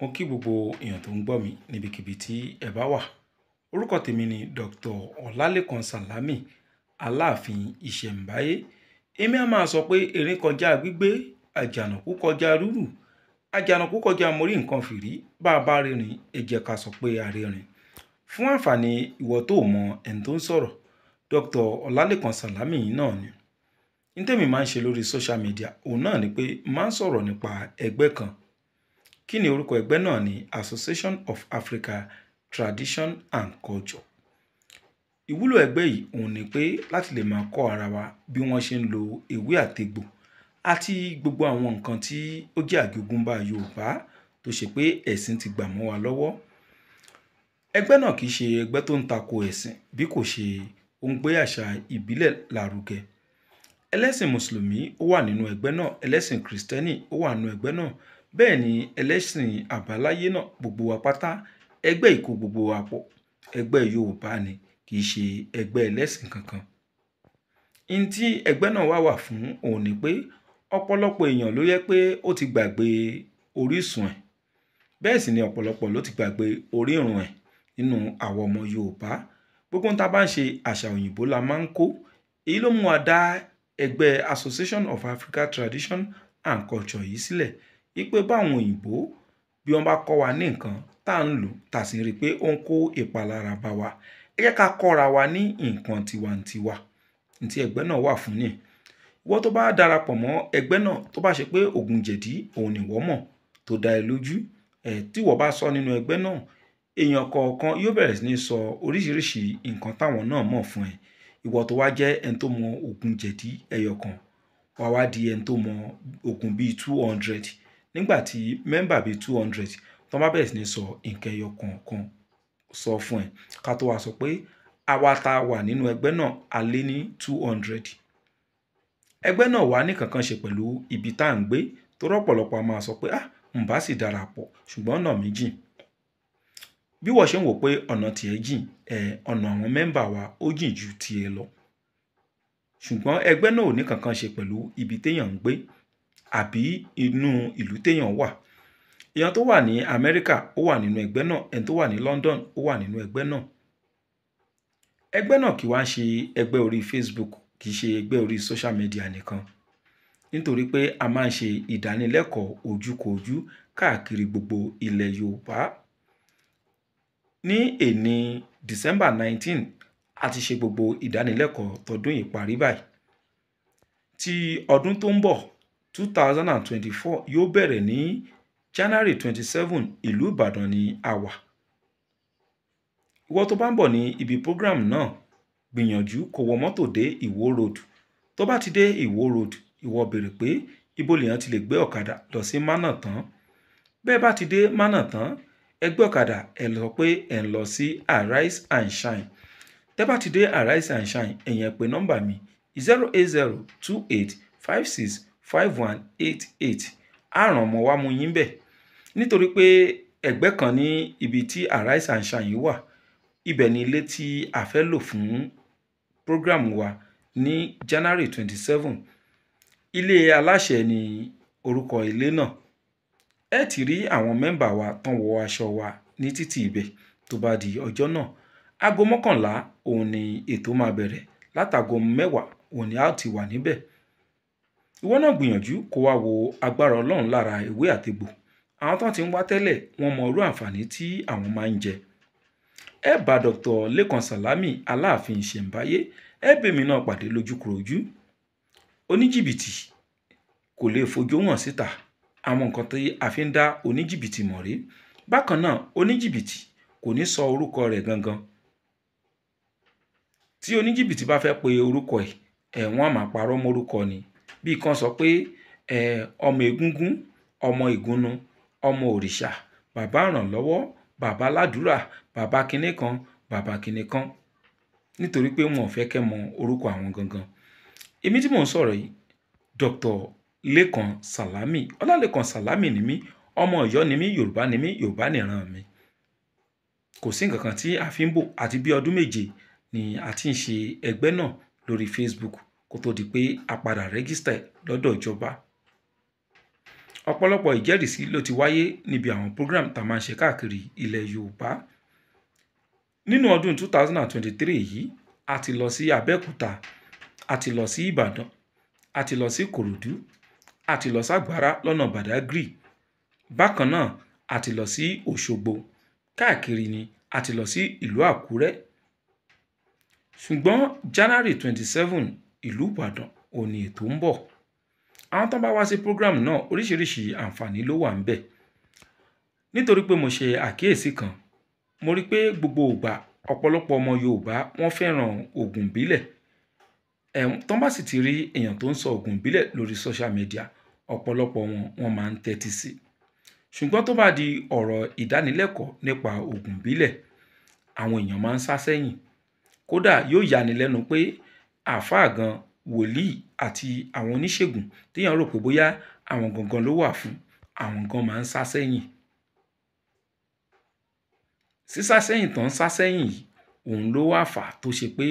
mo kí gbogbo èèyàn tó ń gbọ́ mi níbikíbi tí ẹ bá wà orúkọ tèmi ni dr ọlálẹ́kan sàlámì aláàfin ìṣẹ̀ǹbáyé èmi á máa sọ pé erin kọjá gbígbé àjànàkú kọjá rúrù àjànàkú kọjá mórí nǹkan fìrí bá a bá rìnrìn ẹ jẹ́ ká sọ pé a rìnrìn fún àǹfààní ìwọ tó mọ ẹni tó ń sọ̀rọ̀ dr ọlálẹ́kan sàlámì náà ni ní tèmi máa ń ṣe lórí social media òun náà ni pé máa ń sọ̀rọ̀ nípa ẹgbẹ́ kan Kí ni orúkọ ẹgbẹ́ náà ní Association of Africa Tradition and Culture. Ìwúlò ẹgbẹ́ yìí òhun ni pé láti lè máa kọ́ ara wa bí wọ́n ṣe ń lo ewé àtegbò àti gbogbo àwọn nǹkan tí ó jẹ́ àjogúnbá Yorùbá tó ṣe pé ẹ̀sìn ti gbà mọ́ wa lọ́wọ́. Ẹgbẹ́ náà kìí ṣe ẹgbẹ́ tó ń tako ẹ̀sìn bí kò ṣe ó gbé àṣà ìbílẹ̀ lárugẹ. Ẹlẹ́sìn Mùsùlùmí ó wà nínú ẹgbẹ́ náà, ẹlẹ́sìn Kìrìsìtẹ́nì ó wà nínú ẹgbẹ́ náà bẹ́ẹ̀ ni ẹlẹ́sìn àbáláyé náà gbogbo wa pátá ẹgbẹ́ ìkó gbogbo wa pọ̀ ẹgbẹ́ Yorùbá ni kì í ṣe ẹgbẹ́ ẹlẹ́sìn kankan n tí ẹgbẹ́ náà wá wà fún òun ni pé ọ̀pọ̀lọpọ̀ èèyàn ló yẹ pé ó ti gbàgbé orísun ẹ̀ bẹ́ẹ̀ sì ni ọ̀pọ̀lọpọ̀ ló ti gbàgbé orírun ẹ̀ nínú àwọn ọmọ Yorùbá gbogbo ń ta bá ń ṣe àṣà òyìnbó la máa ń kó èyí ló mú wa dá ẹgbẹ́ Association of African Tradition and Culture yìí sílẹ̀ wípé báwọn òyìnbó bí wọ́n bá kọ́ wa ní nǹkan tá à ń lò tá a sì rí i pé ó ń kó ìpalára bá wa ẹ jẹ́ ká kọ́ra wa ní nǹkan tiwantiwa ntí ẹgbẹ́ náà wà fún yẹn ìwọ tó bá darapọ̀ mọ́ ẹgbẹ́ náà tó bá ṣe pé oògùn jẹ̀dí òun nìwọ́ mọ̀ tó dá ẹ lójú ẹ̀ tíwọ bá sọ nínú ẹgbẹ́ náà èèyàn kọ̀ọ̀kan yóò bẹ̀rẹ̀ sí ní sọ oríṣiríṣi nǹkan táwọn náà mọ̀ fún ẹ ìwọ tó wá jẹ́ ẹni tó mọ oògùn jẹ̀dí ẹyọkan wàá wá di ẹni tó mọ oògùn bíi two hundred nígbà tí mẹ́mbà bíi two hundred tó bá bẹ̀rẹ̀ sí ní sọ nǹkan ẹyọ kọ̀ọ̀kan sọ fún ẹ ká tó wá sọ pé àwa tá wà nínú ẹgbẹ́ náà a lé ní two hundred ẹgbẹ́ náà wà ní kankan ṣe pẹ̀lú ibi tá à ń gbé tó rọ́pọ̀lọpọ̀ a máa sọ pé ah ǹbá sì darapọ̀ ṣùgbọ́n ọ̀nà mi jìn bí wọ́n ṣe ń wò pé ọ̀nà tiẹ̀ jìn ẹ̀ ọ̀nà àwọn mẹ́mbà wa ó jìn ju tiẹ̀ lọ ṣùgbọ́n ẹgbẹ́ náà ò ní ṣe pẹ̀lú ibi téèyàn ń gbé àbí inú ìlú téèyàn wà èèyàn tó wà ní Amẹ́ríkà ó wà nínú ẹgbẹ́ náà ẹni tó wà ní London ó wà nínú ẹgbẹ́ náà ẹgbẹ́ náà kì wá ṣe ẹgbẹ́ orí Facebook kì í ṣe ẹgbẹ́ orí social media nìkan nítorí pé a máa ń ṣe ìdánilẹ́kọ̀ọ́ ojúkojú káàkiri gbogbo ilẹ̀ Yorùbá ní èní December 19 a ti ṣe gbogbo ìdánilẹ́kọ̀ọ́ tọdún yìí parí báyìí ti ọdún tó ń bọ̀ two thousand and twenty-four yóò bẹ̀rẹ̀ ní January twenty-seven ìlú Ìbàdàn ni a wà. ìwọ tó bá ń bọ̀ ní ibi program náà gbìyànjú kó wọ mọ́tò dé Ìwó road tó bá ti dé Ìwó road ìwọ béèrè pé ibo lèèyàn ti lè gbé ọ̀kadà lọ sí mánà tán bẹ́ẹ̀ bá ti dé mánà tán ẹ ọ̀kadà ẹ lọ pé ẹ ń lọ sí arise and shine tẹ́ bá ti dé arise and shine ẹ̀yẹn pé nọ́mbà mi zero eight zero two eight five six five one eight eight àràn ọmọ wa mú yín bẹ̀ nítorí pé ẹ̀gbẹ́ kan ní ibi tí Arise and Shine wà ibẹ̀ ni ilé tí a fẹ́ lò fún program wa ní January twenty seven ilé aláṣẹ ni orúkọ ilé náà ẹ ti rí àwọn mẹ́mbà wa tán wọ aṣọ wa ní títì ibẹ̀ tó bá di ọjọ́ náà aago mọ́kànlá òun ni ètò máa bẹ̀rẹ̀ látàgo mẹ́wàá òun ni a ti wà níbẹ̀ ìwọ náà gbìyànjú kó wá wo agbára ọlọ́run lára ewé àtegbò àwọn tó ti ń wá tẹ́lẹ̀ wọ́n mọ irú àǹfààní tí àwọn máa ń jẹ ẹ bá dr lẹ́kan salami aláàfin ìṣẹ̀ǹbáyé ẹ bèmí náà pàdé lójúkorojú oníjìbìtì kò lè fojú hàn síta àwọn nǹkan tí a fi ń dá oníjìbìtì mọ̀ rí bákan náà oníjìbìtì kò ní sọ orúkọ rẹ̀ gangan tí oníjìbìtì bá fẹ́ pe orúkọ ẹ̀ ẹ̀ wọ́n á máa parọ́ mórúkọ ni bíi kan sọ pé ọmọ egúngún ọmọ ìgúnnu ọmọ òrìṣà bàbá ìrànlọ́wọ́ bàbá ládùúrà bàbá kinní kan bàbá kinní kan nítorí pé wọn ò fẹ́ kẹ́ mọ orúkọ àwọn gangan èmi tí mò ń sọ̀rọ̀ yìí Dr. Lẹ́kan Sàlámì Ọlálẹ́kan Sàlámì ni mí ọmọ Ọ̀yọ́ ni mí Yorùbá ni mí Yorùbá nìran mi kò sí nǹkan kan tí a fi ń bò àti bí ọdún méje ni a ti ń ṣe ẹgbẹ́ náà lórí Facebook kó tó di pé a padà rẹ́gísítà lọ́dọ̀ ìjọba ọ̀pọ̀lọpọ̀ ìjẹ́rìísí ló ti wáyé níbi àwọn program tá a máa ń ṣe káàkiri ilẹ̀ Yorùbá nínú ọdún 2023 yìí a ti lọ sí Abẹ́òkúta a ti lọ sí Ìbàdàn a ti lọ sí Ìkòròdú a ti lọ ságbára lọ́nà Badagry bákan náà a ti lọ sí Òṣogbo káàkiri ni a ti lọ sí ìlú Àkúrẹ́ ṣùgbọ́n January 27 ìlú Ìbàdàn òun ni ètò ń bọ̀. Àwọn tó bá wá sí program náà oríṣiríṣi àǹfààní ló wà níbẹ̀. Nítorí pé mo ṣe àkíyèsí kan, mo rí pé gbogbo ìgbà ọ̀pọ̀lọpọ̀ ọmọ Yorùbá wọ́n fẹ́ràn òògùn ìbílẹ̀. Ẹ̀ bá sì ti rí èèyàn tó ń sọ òògùn ìbílẹ̀ lórí social media, ọ̀pọ̀lọpọ̀ wọn wọ́n máa ń tẹ́tí sí Ṣùgbọ́n tó bá di ọ̀rọ̀ ìdánilẹ́kọ̀ọ́ nípa òògùn ìbílẹ̀, àwọn èèyàn máa ń sá sẹ́yìn. Kódà yóò yani lẹ́nu pé àáfàá gan wòlíì àti àwọn oníṣègùn téèyàn rò pé bóyá àwọn gangan ló wà fún àwọn gan máa ń sá sẹ́yìn sísá sẹ́yìn tán sá sẹ́yìn yìí òun ló wà fà tó ṣe pé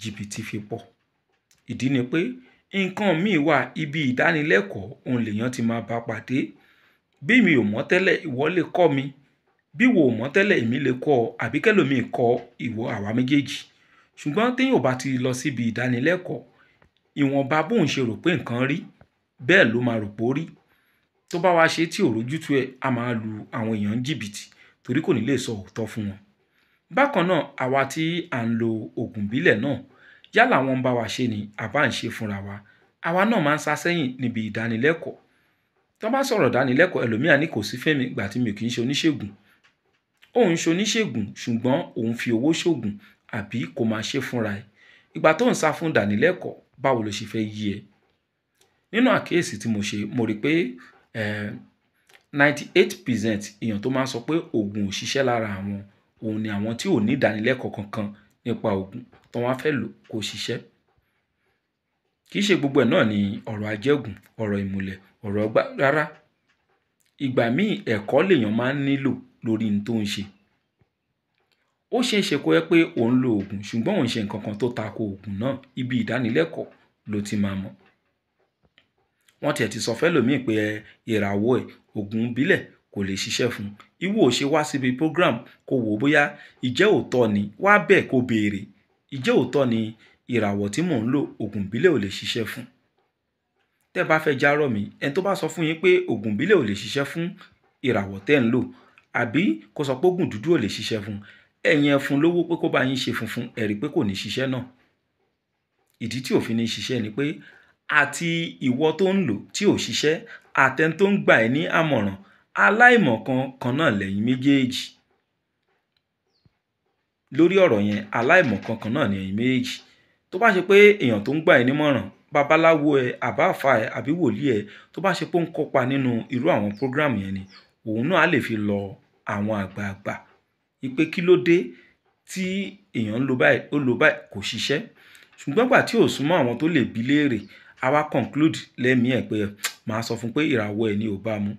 jìbìtì fi pọ̀ ìdí ni pé nǹkan míì wà ibi ìdánilẹ́kọ̀ọ́ òun lèèyàn ti máa bá pàdé bí mi ò mọ̀ tẹ́lẹ̀ ìwọ lè kọ́ mi bí wo ò mọ̀ tẹ́lẹ̀ èmi lè kọ́ ọ àbí kẹ́lòmíì kọ́ ìwọ àwa méjèèjì ṣùgbọ́n téèyàn ò bá ti lọ síbi ìdánilẹ́kọ̀ọ́ ìwọ̀nba bóun ṣe rò pé nǹkan rí bẹ́ẹ̀ ló máa rò pó rí tó bá wá ṣe tí ò rójútu ẹ̀ a máa lu àwọn èèyàn jìbìtì torí kò ní lè sọ òótọ́ fún wọn. bákan náà àwa tí à ń lo oògùn ìbílẹ̀ náà yálà wọn ń bá wa ṣe ni àbá ń ṣe fúnra wa àwa náà máa ń sá sẹ́yìn níbi ìdánilẹ́kọ̀ọ́ tó bá sọ̀rọ̀ dánilẹ́kọ̀ọ́ ẹlòmíà ní kò sí fẹ́mi ìgbà tí mi kì í ṣe oníṣègùn òun ṣe oníṣègùn ṣùgbọ́n òun fi owó ṣògùn àbí kò máa ṣe fúnra ẹ̀ ìgbà tó ń sá fún ìdánilẹ́kọ̀ọ́ báwo ló ṣe fẹ́ yí ẹ nínú àkíyèsí tí mo ṣe mo rí pé eh, ninety eight percent èèyàn tó máa ń sọ pé oògùn ò ṣiṣẹ́ lára àwọn òun ni àwọn tí ò ní ìdánilẹ́kọ̀ọ́ kankan nípa oògùn tó wọ́n á fẹ́ lò kó ṣiṣẹ́ kì í ṣe gbogbo ẹ̀ náà ni ọ̀rọ̀ ajẹ́gùn ọ̀rọ̀ ìmùlẹ̀ ọ̀rọ̀ ọgbà rárá ìgbà míì ẹ̀kọ́ lèèyàn máa ń nílò lórí ní tó ń ṣe ó ṣeé ṣe kó yẹ pé ò ń lo oògùn ṣùgbọ́n ò ń ṣe nǹkan kan tó tako oògùn náà ibi ìdánilẹ́kọ̀ọ́ ló ti máa mọ̀ wọ́n tiẹ̀ ti sọ fẹ́lòmíì pé ìràwọ̀ ẹ̀ oògùn ìbílẹ̀ kò lè ṣiṣẹ́ fún un ìwọ ò ṣe wá síbi program kó wò ó bóyá ìjẹ́ òótọ́ ni wá bẹ́ẹ̀ kó béèrè ìjẹ́ òótọ́ ni ìràwọ̀ tí mò ń lò oògùn ìbílẹ̀ ò lè ṣiṣẹ́ fún tẹ́ bá fẹ́ járọ̀ mi ẹni tó bá sọ fún yín pé oògùn ìbílẹ̀ ò lè ṣiṣẹ́ fún ìràwọ̀ tẹ́ ń lò àbí kó sọ pé oògùn dúdú ò lè ṣiṣẹ́ fún un ẹ̀yin ẹ̀fun lówó pé kó bá yín ṣe funfun ẹ̀rí pé kò ní ṣiṣẹ́ náà ìdí tí òfin ní ṣiṣẹ́ ni pé àti ìwọ tó ń lò tí ò ṣiṣẹ́ àtẹn tó ń gbà ẹ́ ní àmọ̀ràn aláìmọ̀kan kan náà lẹ́yìn méjèèjì lórí ọ̀rọ̀ yẹn aláìmọ̀kan kan náà ni ẹ̀yin méjèèjì tó bá ṣe pé èèyàn tó ń gbà ẹ́ nímọ̀ràn babaláwo ẹ àbáfà ẹ àbí wòlíì ẹ tó bá ṣe pé ó ń kópa nínú irú àwọn program yẹn ni òun náà á lè fi lọ àwọn àgbààgbà wípé kí ló dé tí èèyàn ń lo báyìí ó lo báyìí kò ṣiṣẹ́ ṣùgbọ́n gbà tí ò súnmọ́ àwọn tó lè bi léèrè a wá conclude lẹ́mìí ẹ̀ pé màá sọ fún pé ìràwọ̀ ẹ̀ ni ò bá mu.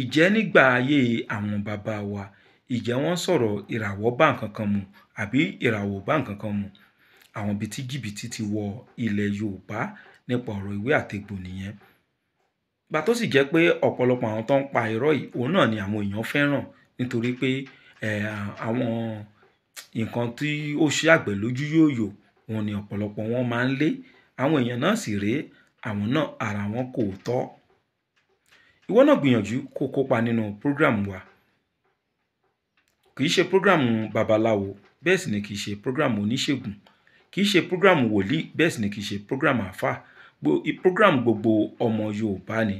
ìjẹ́ nígbà ayé àwọn bàbá wa ìjẹ́ wọ́n sọ̀rọ̀ ìràwọ̀ bá nǹkan kan mu àbí ìràwọ̀ bá nǹkan kan mu àwọn ibi tí jìbìtì ti wọ ilẹ̀ Yorùbá nípa ọ̀rọ̀ ìwé àtegbò nìyẹn gbà tó sì jẹ́ pé ọ̀pọ̀lọpọ̀ àwọn tó ń pa irọ́ yìí òun náà ni àwọn èèyàn fẹ́ràn nítorí pé àwọn nǹkan tí ó ṣe àgbẹ̀ lójú yóòyò òun ni ọ̀pọ̀lọpọ̀ wọn máa ń lé àwọn èèyàn náà sì rèé àwọn náà ara wọn kò tọ́ ìwọ náà gbìyànjú kó kópa nínú program wa kì ṣe program babaláwo bẹ́ẹ̀ sì ni kì í ṣe program oníṣègùn kì í ṣe program wòlíì bẹ́ẹ̀ sì ni kì ṣe program àáfàá program gbogbo ọmọ Yorùbá ni.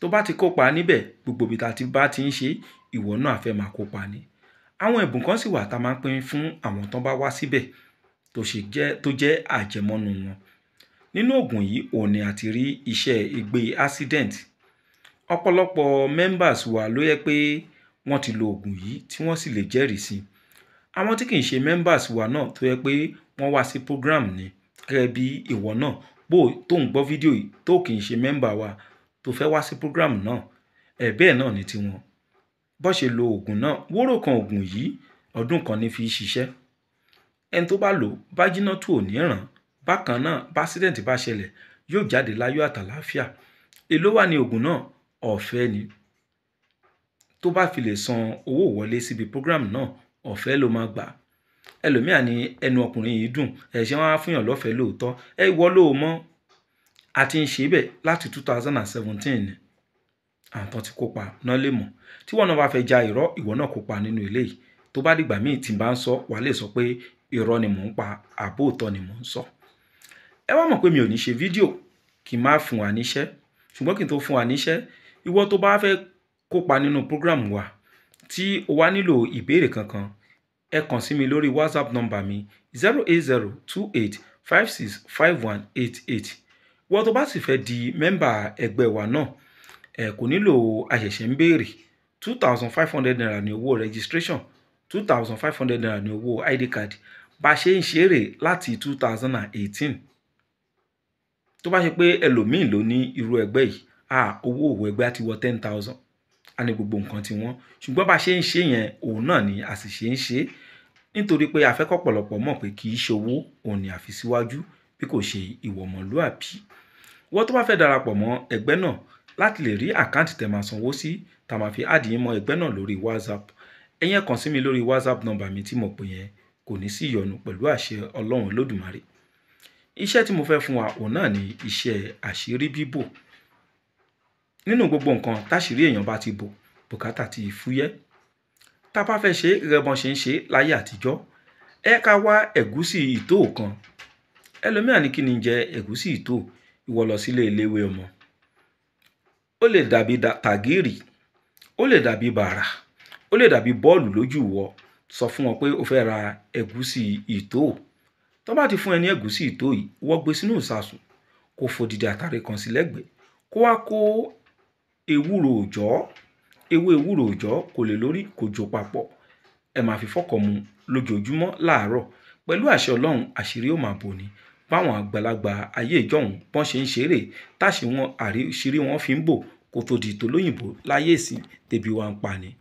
Tó bá ti kópa níbẹ̀, gbogbo ibi tí a ti bá ti ń ṣe, ìwọ náà fẹ́ máa kópa ni. Àwọn ẹ̀bùn kan sì wà tí a máa ń pín fún àwọn tó bá wá síbẹ̀ tó jẹ́, tó wọn. Nínú ògùn yìí òun ní a rí iṣẹ́ ègbé accident. Ọ̀pọ̀lọpọ̀ members wa ló yẹ pé wọ́n ti lo ògùn yìí tí wọ́n sì lè jẹ́rìí sí. Àwọn tí kì í ṣe members wa náà tó yẹ pé wọ́n wá sí program ni gẹ́gẹ́ bí ìwọ náà bó tó ń gbọ́ fídíò yìí tó kì í ṣe mẹ́mbà wa tó fẹ́ wá sí program náà ẹ̀ bẹ́ẹ̀ náà ni tiwọn bó ṣe lo oògùn náà wóró kan oògùn yìí ọdún kan ní fi ṣiṣẹ́ ẹni tó bá lò bá jiná tó ò ní ràn bákan náà bá accident bá ṣẹlẹ̀ yóò jáde láyọ̀ àtàlàáfíà èló wà ní oògùn náà ọ̀fẹ́ ni tó bá fi lè san owó wọlé síbi program náà ọ̀fẹ́ ló máa gbà ẹlòmíà ni ẹnu ọkùnrin yìí dùn ẹ̀ṣẹ̀ wọn á fúnyàn lọ́fẹ̀ẹ́ lóòótọ́ ẹ wọ lóò mọ́ a ti ń ṣe bẹ́ẹ̀ láti two thousand and seventeen ni àtọ́ ti kópa náà lè mọ̀ tí wọ́n náà bá fẹ́ ja irọ́ ìwọ náà kópa nínú eléyìí tó bá dìgbà míì tí n bá ń sọ wà lè sọ pé irọ́ ni mò ń pa àbó òtọ́ ni mò ń sọ ẹ wá mọ̀ pé mi ò ní ṣe fídíò kì í má fún wa níṣẹ́ ṣùgbọ́n kí n tó fún wa níṣẹ́ ìwọ tó bá fẹ́ kópa nínú program wa tí o wá nílò ìbéèrè kankan ẹ kàn sí mi lórí whatsapp number mi zero eight zero two eight five six five one eight eight wọ́n tó bá sì fẹ́ di mẹ́mbà ẹgbẹ́ wa náà ẹ kò nílò àṣẹ̀ṣẹ̀ ń béèrè two thousand five hundred naira ní owó registration two thousand five hundred naira ní owó id card bá a ṣe ń ṣeré láti two thousand and eighteen tó bá ṣe pé ẹlòmíín ló ní irú ẹgbẹ́ yìí ah owó òwò ẹgbẹ́ ti wọ ten thousand a ní gbogbo nǹkan tí wọ́n ṣùgbọ́n bá a ṣe ń ṣe yẹn òun náà ni a sì ṣe ń ṣe é nítorí pé afẹ́kọ̀pọ̀lọpọ̀ mọ̀ pé kì í ṣe owó òun ni àfi síwájú bí kò ṣe ìwọ ọmọlúàbí wọ́n tó bá fẹ́ darapọ̀ mọ́ ẹgbẹ́ náà láti lè rí àkáǹtì tẹ̀ máa sanwó sí tá máa fi áàdì yín mọ́ ẹgbẹ́ náà lórí whatsapp ẹ̀yin ẹ kàn sí mi lórí whatsapp nọ́mbà mi tí mo pè yẹn kò ní sí ìyọnu pẹ̀lú àṣẹ ọlọ́run olódùmarè iṣẹ́ tí mo fẹ́ fún wa òun náà ni iṣẹ́ àṣírí bíbò nínú gbogbo nǹkan táṣìírí èèyàn bá ti bò bùkátà ti fúyẹ́ tá a bá fẹ́ ṣe rẹbọn ṣe ń ṣe láyé àtijọ́ ẹ ká wá ẹ̀gúsí ìtò kan ẹlòmíà ní kí ni jẹ ẹ̀gúsí ìtò ìwọ lọ sílé eléwé ọmọ ó lè dàbí tàgírì ó lè dàbí bàrà ó lè dàbí bọ́ọ̀lù lójú wọ sọ fún wọn pé o fẹ́ ra ẹ̀gúsí ìtò tó bá ti fún ẹ ní ẹ̀gúsí ìtò yìí wọ́n gbé sínú ìsasùn kó fòdìdí àtàrí kan sí lẹ́gbẹ̀ẹ́ kó wá kó ewúro òòjọ́ ewé ewúro òòjọ́ kò lè lórí kò jò papọ̀ ẹ máa fi fọ́kọ̀ mu lójoojúmọ́ láàárọ̀ pẹ̀lú àṣẹ ọlọ́run àṣírí ó máa bò ní báwọn àgbàlagbà ayé ìjọ́hun bọ́n ṣe ń ṣeré táṣì wọn àṣírí wọn fi ń bò kó tó di tòlóyìnbó láyé ìsìn tẹ̀bí wa ń pa ni.